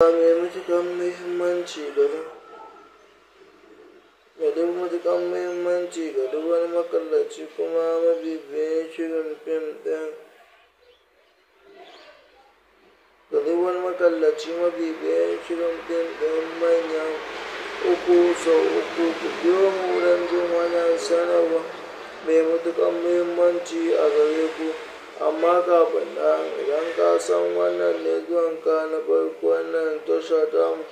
मध्ये काम मेहमानची गरज मध्ये काम मेहमानची गरज आणि मग कल्लाची कुमामध्ये बेशिरण पेमत्या Galiwan makallaci mafi bayan shirin fim ɗin manyan uku sau uku ku biyo mu don jin wannan sanarwa mai matuƙar muhimmanci a gare ku. Amma kafin nan, idan ka san wannan ne ka na farko wannan tasha tamu,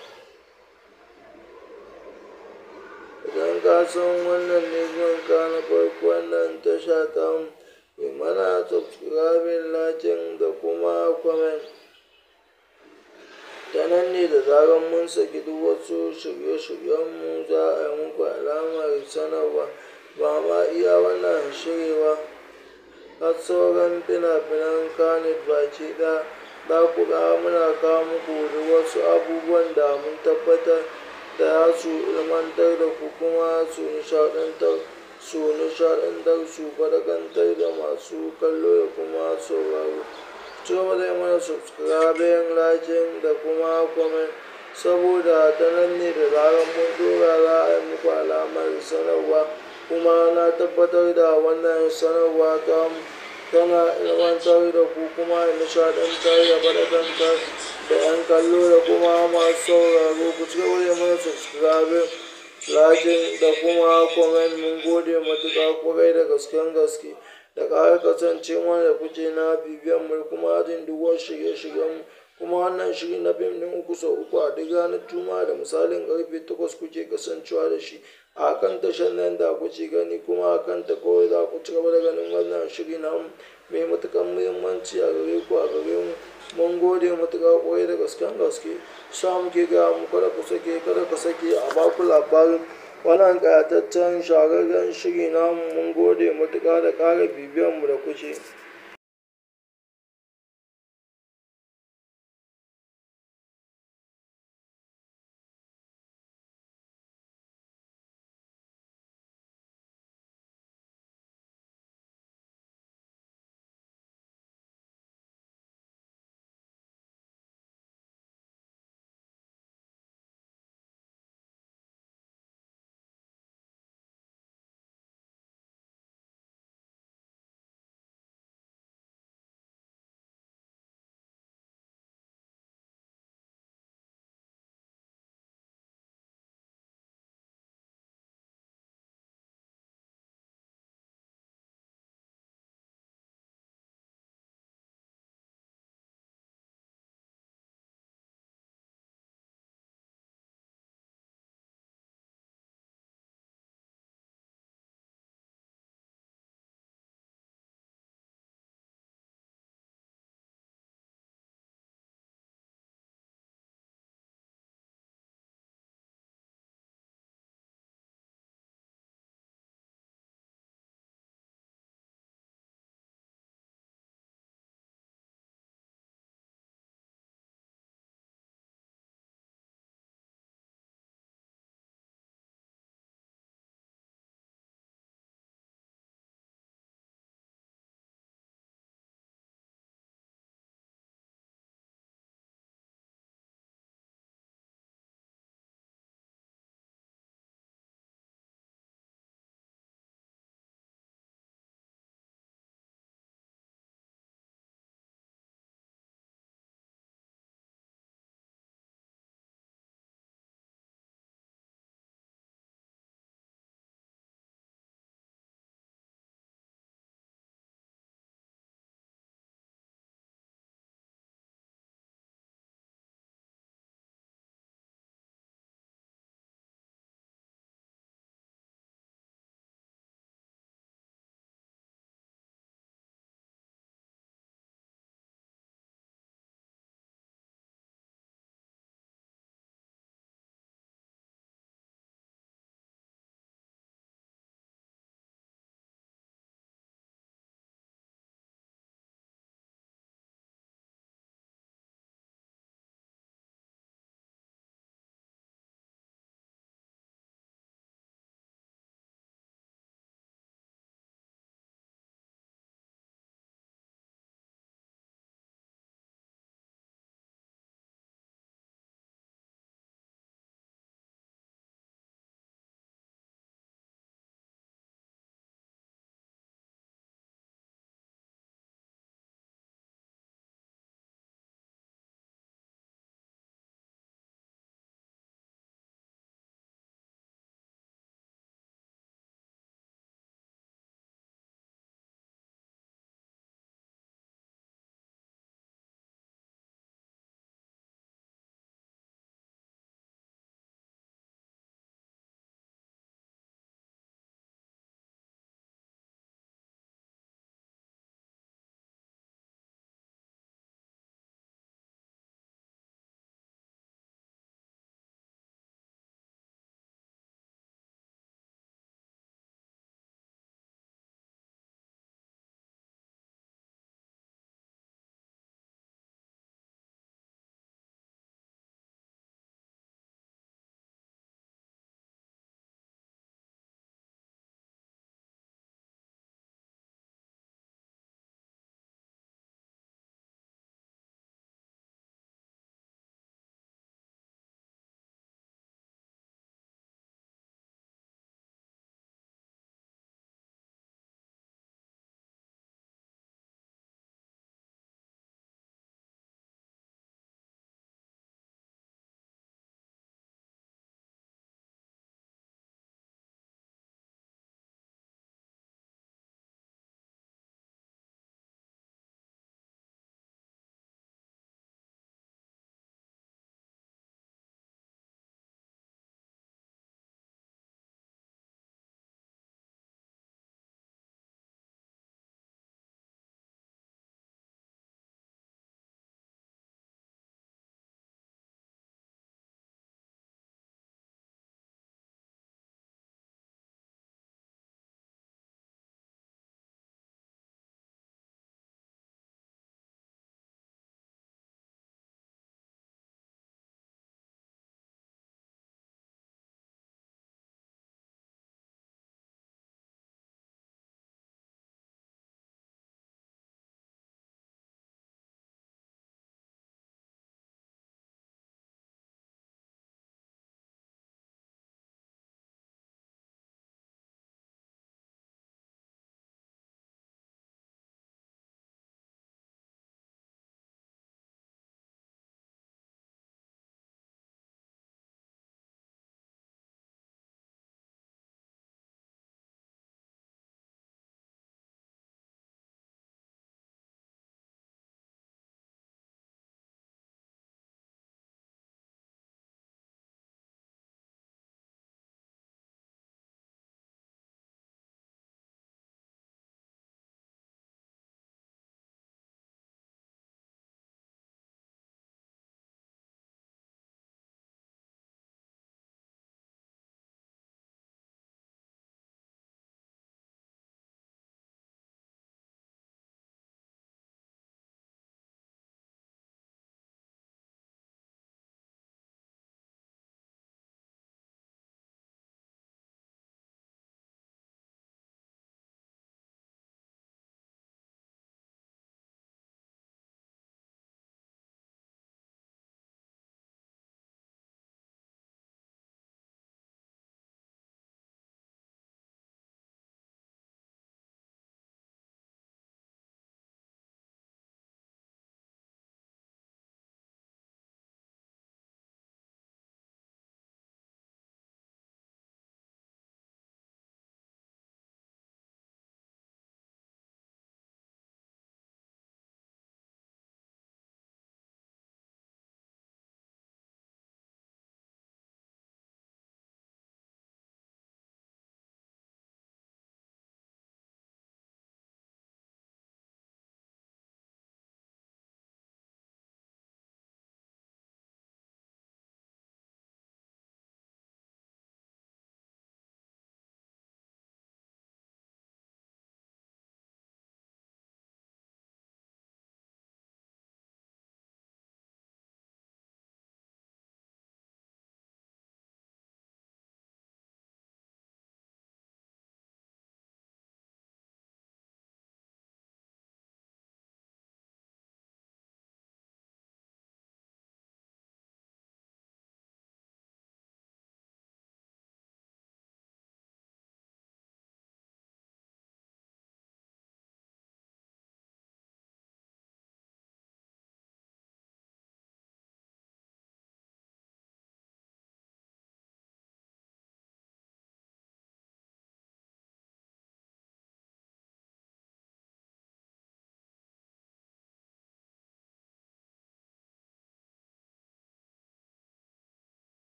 idan ka san wannan ne ka na farko wannan tasha tamu, yi mana subscribing, latin da kuma comment. Ta nan ne da zarar mun saki duk wasu shirye mu za a yi muku alamar sanarwa. Ba ma iya wannan shiri ba. har sauran fina-finan kanet baki ɗaya za ku ga muna kawo muku da wasu abubuwan da mun tabbatar da ya su ilmantar da ku kuma su nishaɗantar su nishaɗantar su faɗakantar da masu kallo da kuma sauraro cewa zai mana subscribe lakin da kuma comment saboda ta nan ne da zarar mun dora za a yi muku alamar sanarwa kuma na tabbatar da wannan sanarwa ta mu tana ilmantar da ku kuma nishadantar da faɗaɗantar da 'yan kallo da kuma masu sauraro ku ci gaba da mana subscribe lakin da kuma comment mun gode matuƙa kwarai da gasken gaske da ƙara kasancewa da kuke na bibiyan mu kuma jin duk wasu shirye-shiryen mu kuma wannan shiri na fim din uku sau uku a duk ranar juma'a da misalin karfe takwas kuke kasancewa da shi akan tashar nan da ku ci gani kuma akan ta kawai za ku ci gaba da ganin wannan shiri na mai matukan muhimmanci a gare ku a gare mu mun gode matuka ƙwai da gasken gaske sa muke ga mu kada ku sake kada ku sake a baku labarin wannan kayataccen shahararren shiri na mun gode matuka da kara bibiyan mu da kuce.